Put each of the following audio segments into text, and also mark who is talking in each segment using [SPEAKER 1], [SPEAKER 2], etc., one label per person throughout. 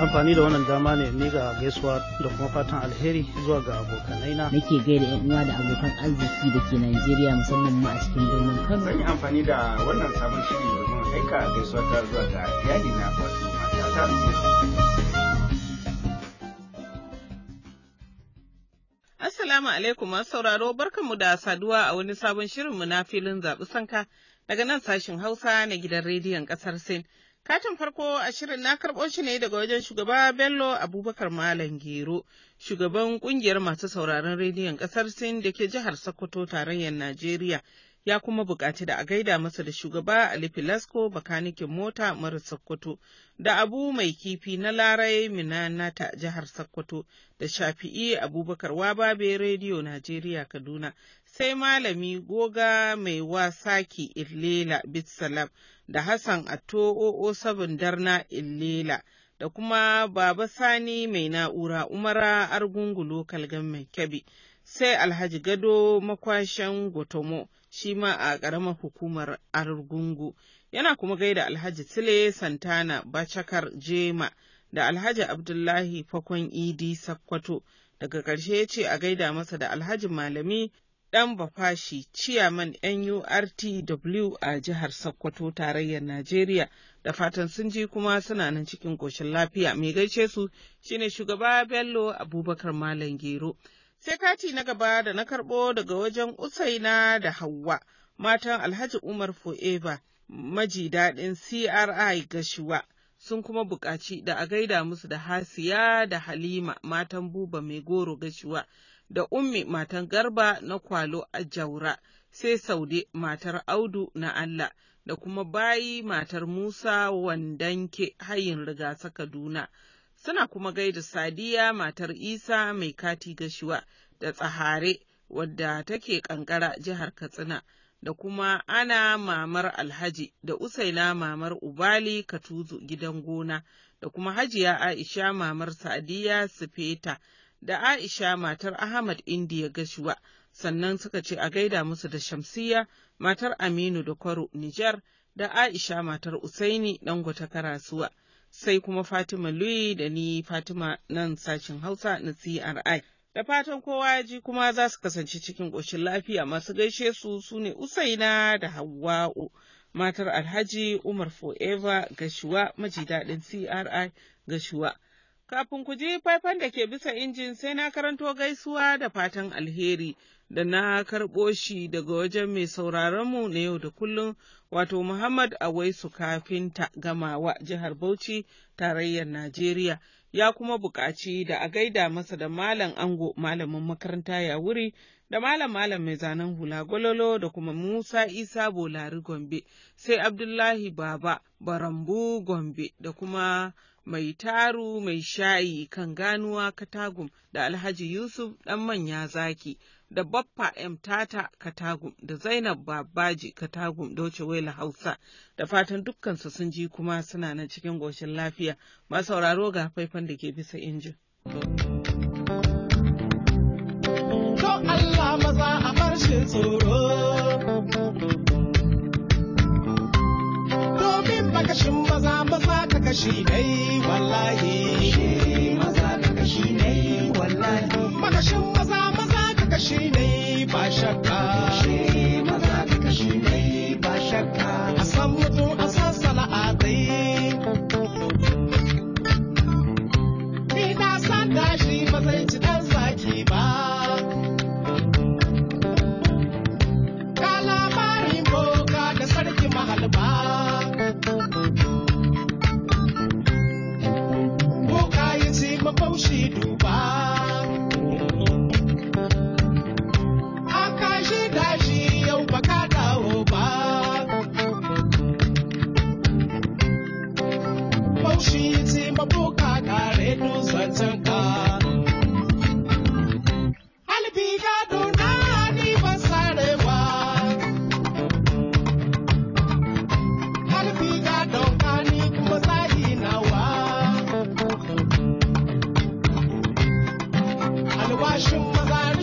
[SPEAKER 1] amfani da wannan dama ne ni ga gaisuwa da kuma
[SPEAKER 2] fatan alheri zuwa ga abokanai na nake gaida yan uwa da abokan arziki da ke Najeriya musamman
[SPEAKER 1] ma a cikin birnin Kano zan yi amfani da wannan sabon shiri domin aika gaisuwa ta zuwa ga iyali na wato matata
[SPEAKER 2] Assalamu alaikum masu sauraro barkanmu da saduwa a wani sabon shirinmu na filin zaɓi sanka daga nan sashin Hausa na gidan rediyon ƙasar Sin. Katin farko a shirin na karɓo shi ne daga wajen shugaba Bello Abubakar Malam Gero, shugaban ƙungiyar masu sauraron rediyon ƙasar Sin da ke jihar Sokoto tarayyar Najeriya, ya kuma bukaci da a gaida masa da shugaba Ali Filasco bakanikin mota mara Sokoto da Abu mai kifi na Larai Minanata jihar Sokoto da Shafi'i Abubakar Wababe Rediyo Najeriya Kaduna sai Malami Goga mai wasaki Illela Bitsalam da Hassan Atto 007 Darna Illela. da kuma Baba Sani mai na'ura Umara Argungu Lokal Government Kebbi, sai Alhaji Gado makwashen Gotomo shi ma a ƙaramar hukumar Argungu. Yana kuma gaida Alhaji Sile Santana Bacakar Jema da Alhaji Abdullahi Fakon Idi Sakkwato. Daga ƙarshe ya ce a gaida masa da Alhaji Malami ɗan Bafashi Ciyaman NURTW a jihar Sakkwato tarayyar Najeriya da fatan sun ji kuma suna nan cikin ƙoshin lafiya. Mai gaishe su shine shugaba Bello Abubakar Malam Gero. Sai kati na gaba da na karɓo daga wajen Usaina da Hauwa, matan Alhaji Umar foeva maji daɗin CRI Gashuwa, sun kuma buƙaci da a gaida musu da Hasiya da Halima matan Buba Mai Goro Gashuwa, da Ummi matan Garba na Kwalo a Jaura, sai Saude matar Audu na Allah. da kuma bayi matar Musa Wandanke hayin rigasa Kaduna suna kuma gaida Sadiya matar Isa mai kati gashuwa da tsahare wadda take kankara jihar Katsina da kuma ana mamar Alhaji da Usaina mamar Ubali Katuzu gidan gona da kuma Hajiya Aisha mamar Sadiya Sufeta da Aisha matar Ahmad Indiya gashuwa sannan suka ce a gaida musu da Shamsiya matar Aminu da Kwaro Nijar da Aisha matar Usaini Dangote Karasuwa. sai kuma Fatima Lui da ni Fatima nan sashen Hausa na CRI. Da fatan kowa ya ji kuma za su kasance cikin ƙoshin lafiya masu gaishe su su ne Usaina da Hawwa'u. Matar Alhaji Umar Forever Gashuwa maji daɗin CRI Gashuwa. Kafin ku ji faifan da ke bisa injin sai na karanto gaisuwa da fatan alheri. da na karɓo shi daga wajen mai sauraronmu na yau da kullum wato Muhammad Awaisu kafinta gamawa jihar Bauchi tarayyar Najeriya ya kuma buƙaci da a gaida masa da malam ango malamin makaranta ya wuri da malam malam mai zanen hula gwalolo da kuma Musa Isa Bolari Gombe sai Abdullahi Baba Barambu Gombe da kuma mai taru mai shayi kan ganuwa katagum da Alhaji Yusuf ɗan manya zaki da Baffa M Tata Katagum da Zainab Babaji Katagum Doce Wela Hausa da fatan dukkansu sun ji kuma suna nan cikin goshin lafiya masu sauraro ga faifan da ke bisa injin.
[SPEAKER 1] jin tsoro. Domin makashin maza maza ka kashi dai wallahi. maza ka kashi dai wallahi. Makashin maza maza ka kashi dai ba shakka.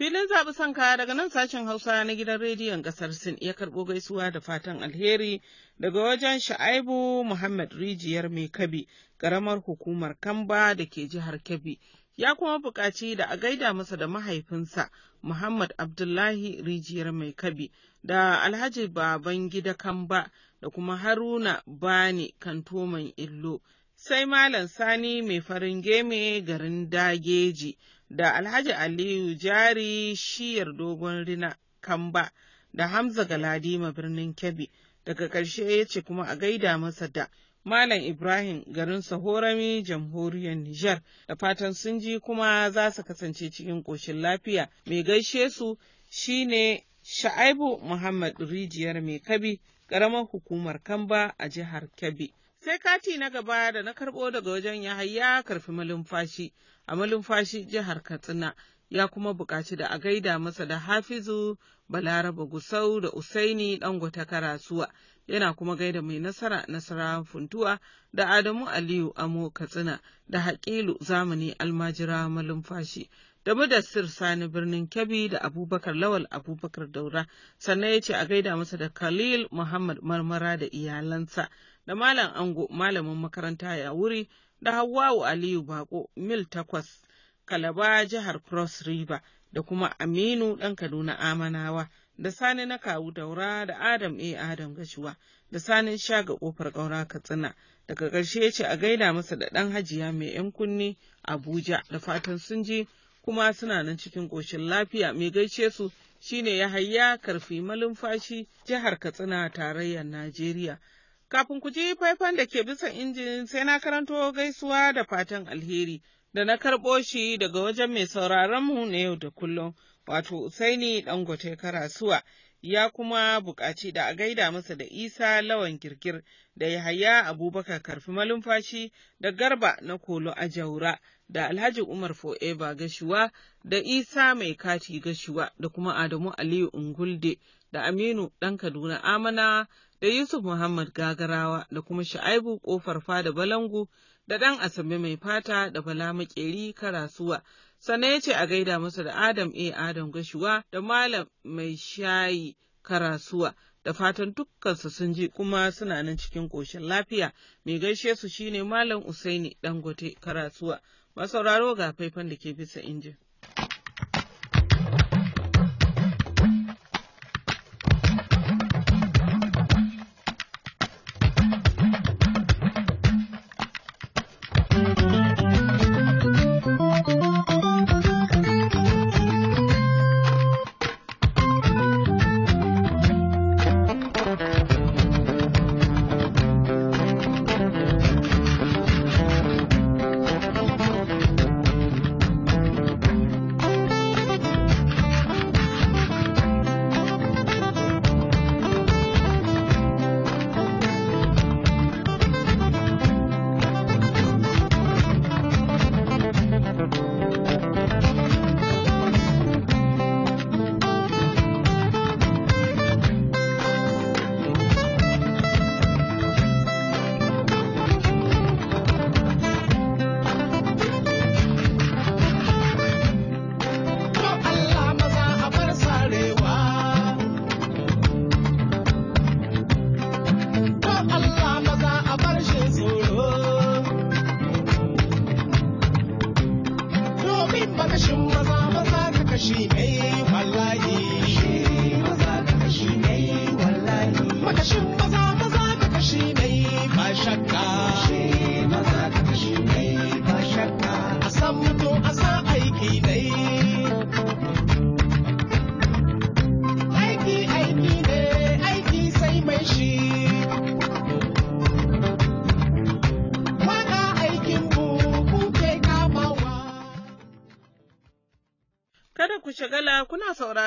[SPEAKER 2] Filin zaɓi son kaya daga nan sashen Hausa na gidan rediyon ƙasar Sin iya karɓo gaisuwa da fatan alheri daga wajen Sha'aibu Muhammad Rijiyar Mai Kabi, ƙaramar hukumar Kamba da ke jihar Kebbi. Ya kuma buƙaci da a gaida masa da mahaifinsa Muhammad Abdullahi Rijiyar Mai Kabi da Alhaji Baban Gida Kamba da kuma Haruna Bani Kantoman Illo. Sai Malam Sani Mai Farin Geme garin Dageji. da Alhaji Aliyu Jari Shiyar Dogon Rina Kamba da Hamza Galadima birnin Kebbi daga ƙarshe ya ce kuma a gaida masa da Malam Ibrahim garin Sahorami jamhuriyar Nijar da fatan sun ji kuma za su kasance cikin ƙoshin lafiya mai gaishe su shine Sha'aibu Muhammad Rijiyar Mai Kabi ƙaramar hukumar Kamba a jihar Kebbi. Sai kati na gaba da na karɓo daga wajen ya haya karfi malumfashi a malumfashi jihar Katsina ya kuma buƙaci da a gaida masa da Hafizu Balaraba Gusau da Usaini Dangote Karasuwa yana kuma gaida mai nasara nasara funtuwa da Adamu Aliyu Amo Katsina da haƙilu Zamani Almajira Malumfashi. da Mudassir Sani birnin Kebbi da Abubakar Lawal Abubakar Daura sannan ya ce a gaida masa da Khalil Muhammad Marmara da iyalansa da Malam Ango malamin makaranta ya wuri da Hawwa'u Aliyu Bako mil takwas Kalaba jihar Cross River da kuma Aminu ɗan Kaduna Amanawa da Sani na kawu daura da Adam A. Adam Gashuwa da Sanin shaga ƙofar ƙaura Katsina daga ƙarshe ya ce a gaida masa da ɗan hajiya mai 'yan kunni Abuja da fatan sun ji kuma suna nan cikin ƙoshin lafiya mai gaishe su shine ya hayya karfi malumfashi jihar Katsina tarayyar Najeriya. Kafin ku ji faifan da ke bisa injin sai na karanto gaisuwa da fatan alheri da na karɓo shi daga wajen mai sauraronmu na yau da kullum, wato Usaini Dangote Karasuwa. ya kuma buƙaci da a gaida masa da Isa Lawan Girgir da Yahaya Abubakar Karfi Malumfashi da Garba na Kolo a Jaura da Alhaji Umar Fo'eba Gashuwa da Isa Mai Kati Gashuwa da kuma Adamu Aliyu Ungulde da Aminu Ɗan Kaduna Amana da Yusuf Muhammad Gagarawa da kuma Sha'aibu Kofar da Balangu da ɗan Asabe Mai Fata da Bala Makeri Karasuwa. sana ya ce a gaida masa da Adam A. Adam Gashuwa da Malam Mai Shayi Karasuwa. Da fatan dukkansu sun ji kuma suna nan cikin ƙoshin lafiya, mai gaishe su shine Malam Usaini Dangote Karasuwa, masauraro ga faifan da ke bisa injin.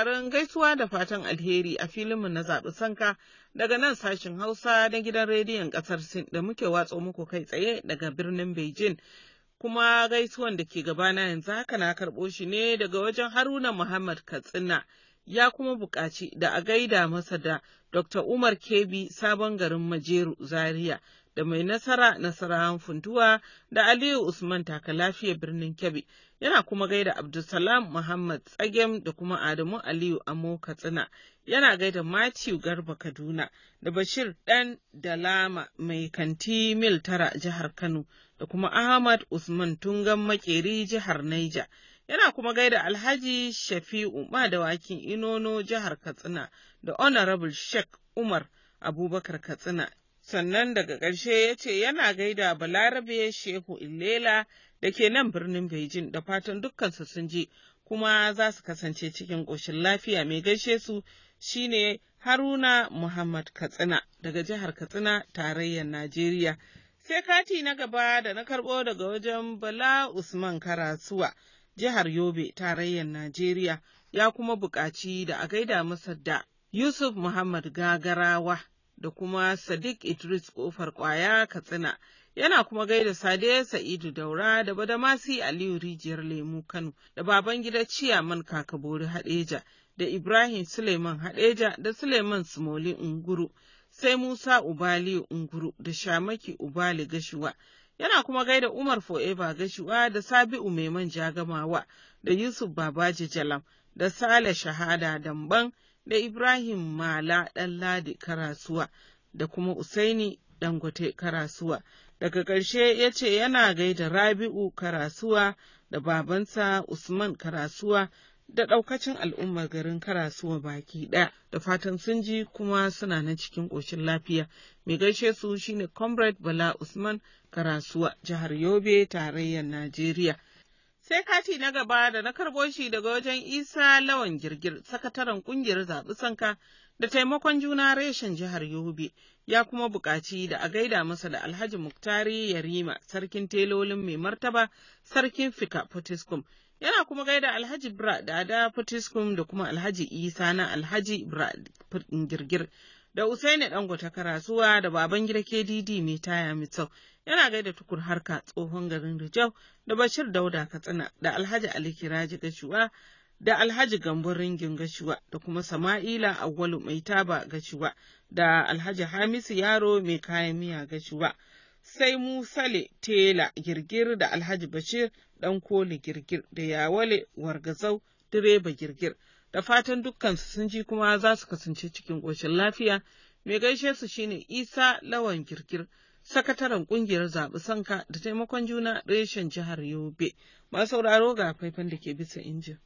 [SPEAKER 2] sauraron gaisuwa da fatan alheri a filinmu na zaɓi sanka daga nan sashen Hausa na gidan rediyon ƙasar Sin da muke watso muku kai tsaye daga birnin Beijing. Kuma gaisuwan da ke gabana yanzu haka na karɓo shi ne daga wajen Haruna Muhammad Katsina ya kuma buƙaci da a gaida masa da Dr. Umar Kebi sabon garin Majeru Zaria da mai nasara nasarawan funtuwa da Aliyu Usman taka lafiya birnin Kebbi yana kuma gaida Abdulsalam Muhammad Tsagem da kuma Adamu Aliyu Amo Katsina, yana gaida Matthew Garba Kaduna da Bashir ɗan Dalama mai kanti mil tara jihar Kano da kuma Ahmad Usman Tungan Makeri jihar Naija. Yana kuma gaida Alhaji Shafi'u Madawakin Inono jihar Katsina da Honorable Sheikh Umar Abubakar Katsina sannan daga ƙarshe ya ce yana gaida balarabe shehu Ilela da ke nan birnin beijing da fatan dukkansu sun je kuma za su kasance cikin ƙoshin lafiya mai gaishe su shine haruna muhammad katsina daga jihar katsina tarayyar najeriya sai kati na gaba da na karɓo daga wajen bala usman karasuwa jihar yobe tarayyar najeriya ya kuma buƙaci da a gaida masa da yusuf muhammad gagarawa da kuma Sadiq Idris Kofar Kwaya Katsina. Yana kuma gaida Sade Sa'idu Daura da Badamasi Aliyu Rijiyar Lemu Kano da Babangida Ciyaman Kakabori Hadeja da Ibrahim Suleiman Hadeja da Suleiman Smoli Unguru sai Musa Ubali Unguru da Shamaki Ubali Gashuwa. Yana kuma gaida Umar Fo'eba Gashuwa da Sabi'u Maiman Jagamawa da Yusuf Babaji Jalam da Sale Shahada Damban da Ibrahim Mala ɗan Ladi Karasuwa da kuma Usaini Dangote Karasuwa. Daga ƙarshe ya ce yana gaida Rabi'u Karasuwa da babansa Usman Karasuwa da ɗaukacin al'ummar garin Karasuwa baki ɗaya da fatan sun ji kuma suna na cikin ƙoshin lafiya. Mai gaishe su shine Comrade Bala Usman Karasuwa, jihar Yobe, tarayyar Najeriya. Sai kati na gaba da na karbo shi daga wajen Isa Lawan Girgir, sakataren ƙungiyar zaɓi sanka da taimakon juna reshen jihar Yobe, ya kuma buƙaci da a gaida masa da Alhaji Muktari Yarima, sarkin telolin mai martaba, sarkin Fika Potiskum. Yana kuma gaida Alhaji Bra da Ada Potiskum da kuma Alhaji Isa na Alhaji Bra Girgir. da Usaini Dangote Karasuwa da Babangida KDD mai taya mitau yana gaida tukur harka tsohon garin Rijau da Bashir Dauda Katsina da Alhaji Ali Kiraji Gashuwa da Alhaji Gambon Ringin Gashuwa da kuma Sama'ila Awalu Mai Taba Gashuwa da Alhaji Hamisu Yaro Mai Kayan Miya Gashuwa sai Musale Tela Girgir da Alhaji Bashir Ɗan Koli Girgir da Yawale Wargazau Direba Girgir. da fatan dukkansu sun ji kuma za su kasance cikin ƙoshin lafiya. Mai gaishe su shine Isa Lawan Kirkir, sakataren ƙungiyar zaɓi sanka da taimakon juna reshen jihar Yobe. Masu sauraro ga faifan da ke bisa injin.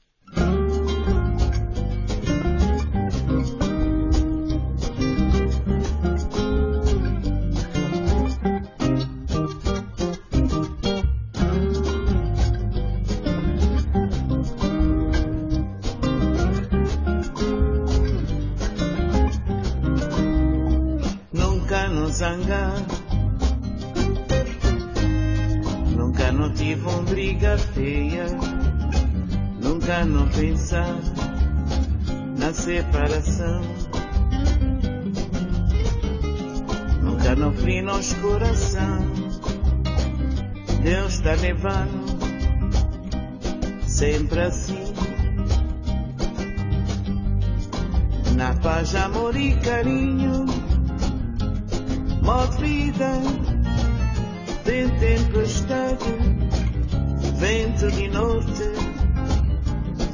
[SPEAKER 1] vento de norte,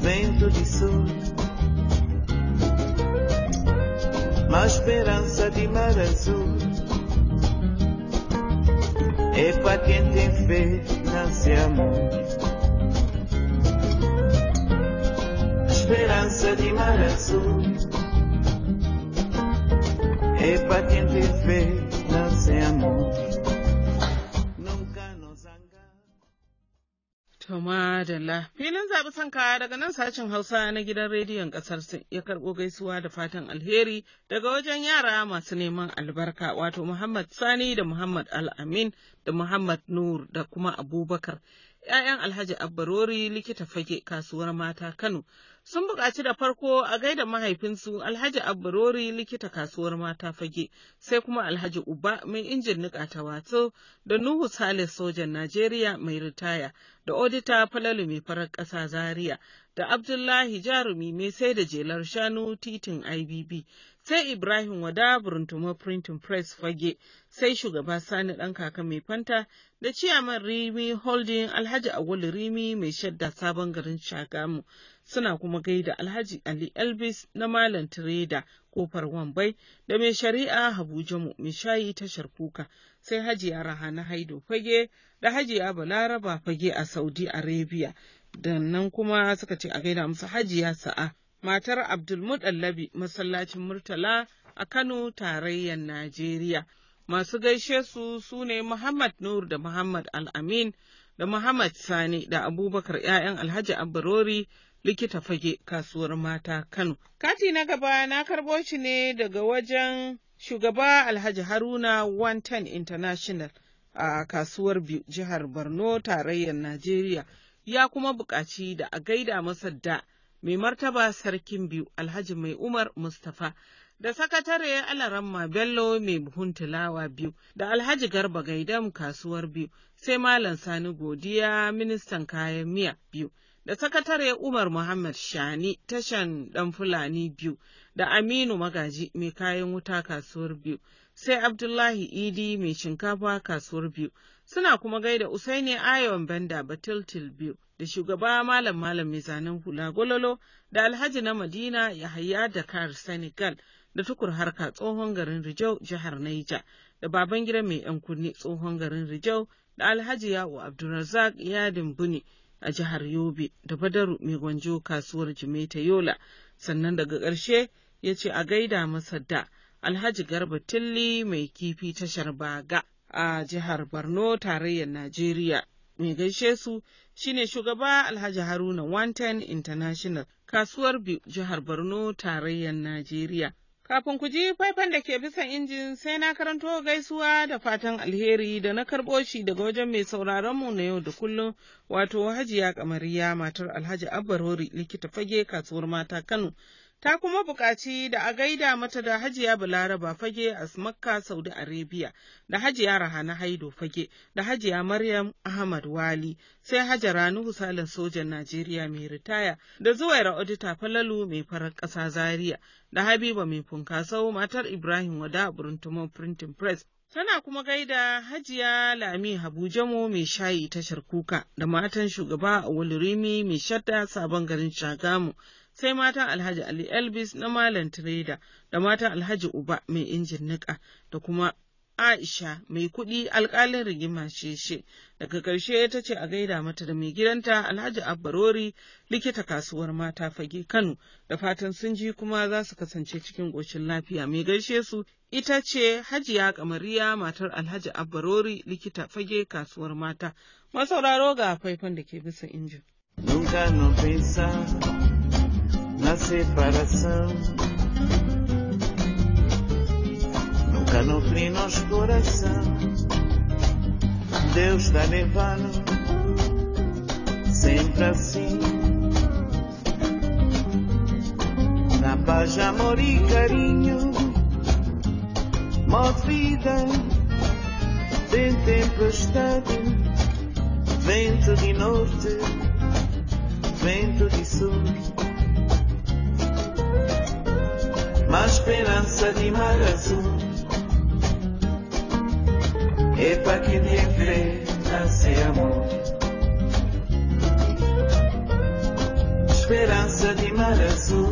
[SPEAKER 1] vento de sul, Ma esperança de mar azul e pra quem tem fé nasce amor. esperança de mar azul é pra quem tem fé nasce amor.
[SPEAKER 2] To filin zaɓi son kaya daga nan sashen Hausa na gidan rediyon ƙasar Sin ya karɓo gaisuwa da fatan alheri daga wajen yara masu neman albarka wato Muhammad Sani da Muhammad Al-Amin da Muhammad Nur da kuma Abubakar. ‘Ya'yan Alhaji Abbarori likita fage kasuwar mata Kano sun buƙaci da farko a gaida mahaifinsu Alhaji Abbarori likita kasuwar mata fage sai kuma Alhaji Uba mai injin nika ta wato da Nuhu Sale sojan Najeriya mai ritaya da Odita Falalu mai farar ƙasa Zaria da Abdullahi Jarumi mai sai da jelar shanu titin IBB sai Ibrahim Wada Buruntuma Printing Press fage sai shugaba Sani ɗan kaka mai fanta da ciyaman Rimi Holding Alhaji Agwali Rimi mai shadda sabon garin Shagamu suna kuma gaida Alhaji Ali Elvis na Malam Tireda kofar Wambai da mai shari'a Habu Jamu mai shayi tashar kuka sai Hajiya na Haido fage da Hajiya Balaraba fage a Saudi Arabia. nan kuma suka ce a gaida musu Hajiya Sa'a matar Abdulmuɗallabi masallacin Murtala a Kano tarayyar Najeriya. Masu gaishe su su Muhammad Nur da Muhammad Al-Amin da Muhammad Sani da Abubakar ‘ya'yan Alhaji Abarori likita fage kasuwar mata Kano. Kati na gaba na karɓo shi ne daga wajen shugaba Alhaji Haruna Wantan International a kasuwar biyu jihar Borno tarayyar Najeriya ya kuma buƙaci da a gaida masa da mai martaba sarkin biyu Alhaji Mai Umar Mustapha da sakatare Alaramma Bello mai buhun tilawa biyu da Alhaji Garba Gaidam kasuwar biyu sai Malam Sani Godiya ministan kayan miya biyu. da sakatare Umar Muhammad Shani tashan ɗan Fulani biyu da Aminu Magaji mai kayan wuta kasuwar biyu sai Abdullahi Idi mai shinkafa kasuwar biyu suna kuma gaida Usaini Ayon Banda Batiltil biyu da shugaba Malam Malam mai zanen hula gololo da Alhaji na Madina Yahaya Dakar Senegal da tukur harka tsohon garin Rijau jihar Naija da baban gida mai 'yan kunne tsohon garin Rijau da Alhaji Yawo Abdulrazak Yadin Buni. a jihar Yobe da Badaru mai gwanjo kasuwar Jimeta Yola, sannan daga ƙarshe ya ce a gaida masa da Alhaji Garba Tilli mai kifi tashar Baga a jihar Borno tarayyar Najeriya. Mai gaishe su shine shugaba Alhaji Haruna Wanten International kasuwar jihar Borno tarayyar Najeriya. Kafin ku ji faifan da ke bisan injin sai na karanto gaisuwa da fatan alheri da na karɓo shi daga wajen mai sauraronmu na yau da kullum wato hajiya kamariya matar alhaji abbarori likita fage kasuwar mata Kano ta kuma buƙaci da a gaida mata da hajiya balaraba fage a makka saudi arabia da hajiya rahana haido fage da hajiya maryam ahmad wali sai hajara nuhu salin sojan najeriya mai ritaya da zuwaira odita falalu mai farar ƙasa zaria da habiba mai funkasau matar ibrahim wada a printing press Tana kuma gaida Hajiya Lami Habu Jamo mai shayi tashar kuka da matan shugaba a Rimi mai shadda sabon garin Shagamu sai matan Alhaji Ali Elvis na Malam Trader da matan Alhaji Uba mai injin niƙa da kuma Aisha mai kuɗi alkalin rigima sheshe daga ƙarshe ta ce a gaida mata da mai gidanta Alhaji Abbarori likita kasuwar mata fage Kano da fatan sun ji kuma za su kasance cikin ƙoshin lafiya mai gaishe su ita ce Hajiya Kamariya matar Alhaji Abbarori likita fage kasuwar mata masauraro ga faifan da ke bisa injin.
[SPEAKER 1] na separação. Nunca nutri nosso coração. Deus está nevando, sempre assim. Na paz, amor e carinho, mó vida, tem tempestade, vento de norte, vento de sul. Mas esperança de mar azul e é pa' que de frente se amor esperança de mar azul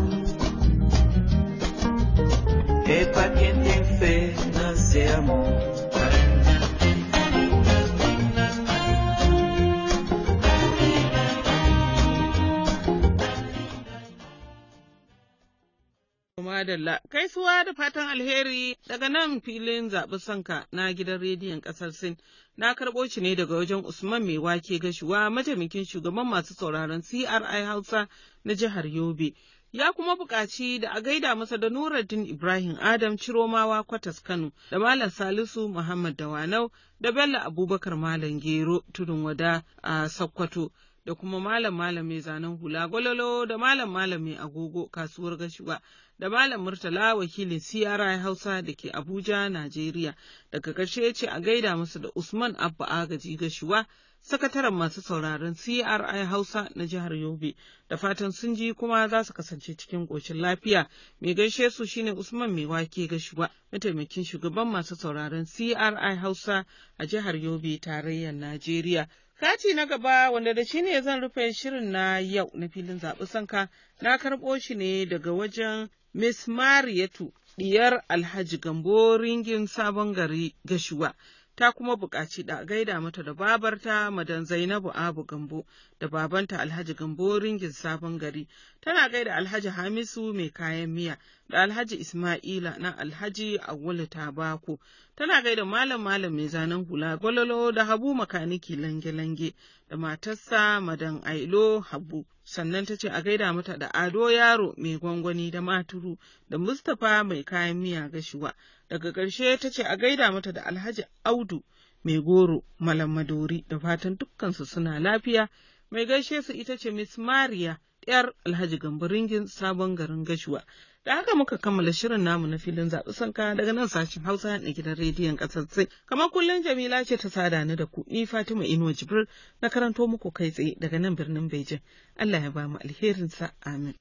[SPEAKER 1] e pa' quem tem fé nasce amor
[SPEAKER 2] madalla. Kaisuwa da fatan alheri daga nan filin zaɓi sanka na gidan rediyon ƙasar Sin. Na karɓo shi ne daga wajen Usman mai wake gashuwa majamikin shugaban masu sauraron CRI Hausa na jihar Yobe. Ya kuma buƙaci da a gaida masa da Nuruddin Ibrahim Adam Ciromawa Kwatas Kano da Malam Salisu Muhammad Dawanau da Bello Abubakar Malam Gero Tudun Wada a Sokoto. da kuma malam malam zanen hula gwalolo da malam malam agogo kasuwar gashuwa da malam murtala wakilin CRI Hausa da ke Abuja, Najeriya. Daga ƙarshe ce a gaida musu da Usman Abba Agaji gashuwa sakataren masu sauraron CRI Hausa na jihar Yobe. Da fatan sun ji kuma za su kasance cikin ƙoshin lafiya. Mai gaishe su shine Usman Mai Wake gashuwa, mataimakin shugaban masu sauraron CRI Hausa a jihar Yobe, tarayyar Najeriya. Kati na gaba wanda da shi ne zan rufe shirin na yau na filin zaɓi sanka na karɓo shi ne daga wajen Miss Mariyatu diyar Alhaji Gambo ringin sabon gari gashuwa ta kuma buƙaci da gaida mata da babarta madan Zainabu Abu Gambo da babanta Alhaji Gambo ringin sabon gari. Tana gaida Alhaji Hamisu mai kayan miya da Alhaji Ismaila na Alhaji Awulu Tabako. Tana gaida malam malam mai zanen hula gwalolo da Habu makaniki lange-lange da matarsa madan Ailo Habu. sannan ta ce a gaida mata da ado yaro mai gwangwani da maturu da mustapha mai kayan miya gashuwa daga ƙarshe ta ce a gaida mata da alhaji audu mai goro malam madori da fatan dukkansu suna lafiya mai gaishe su ita ce miss mariya yar alhaji gambaringin sabon garin gashuwa Da haka muka kammala shirin namu na filin zaɓi sanka daga nan sashen Hausa na gidan rediyon ƙasar sai. Kamar kullum Jamila ce ta sada ni da ku ni Fatima Inuwa Jibril na karanto muku kai tsaye daga nan birnin Bejin. Allah ya ba mu sa Amin.